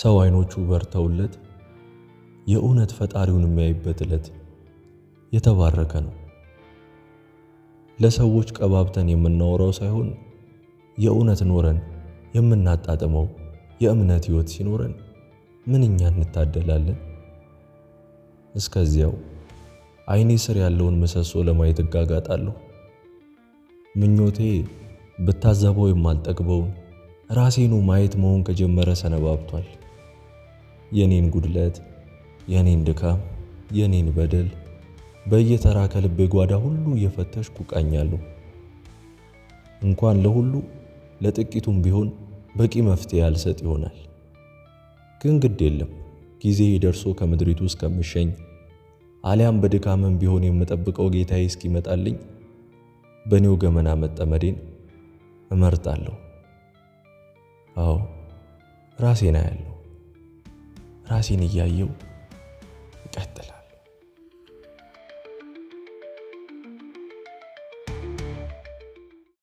ሰው አይኖቹ በርተውለት የእውነት ፈጣሪውን የሚያይበት ዕለት የተባረከ ነው። ለሰዎች ቀባብተን የምናወራው ሳይሆን የእውነት ኖረን የምናጣጥመው የእምነት ሕይወት ሲኖረን ምንኛ እንታደላለን። እስከዚያው አይኔ ስር ያለውን ምሰሶ ለማየት እጋጋጣለሁ። ምኞቴ ብታዘበው የማልጠግበውን ራሴኑ ማየት መሆን ከጀመረ ሰነባብቷል። የኔን ጉድለት፣ የኔን ድካም፣ የኔን በደል በየተራ ከልቤ ጓዳ ሁሉ እየፈተሽ ቃኛለሁ። እንኳን ለሁሉ ለጥቂቱም ቢሆን በቂ መፍትሄ ያልሰጥ ይሆናል። ግን ግድ የለም ጊዜ ደርሶ ከምድሪቱ እስከምሸኝ አሊያም በድካምም ቢሆን የምጠብቀው ጌታዬ እስኪመጣልኝ በእኔው ገመና መጠመዴን እመርጣለሁ። አዎ ራሴን አያለሁ። ራሴን እያየው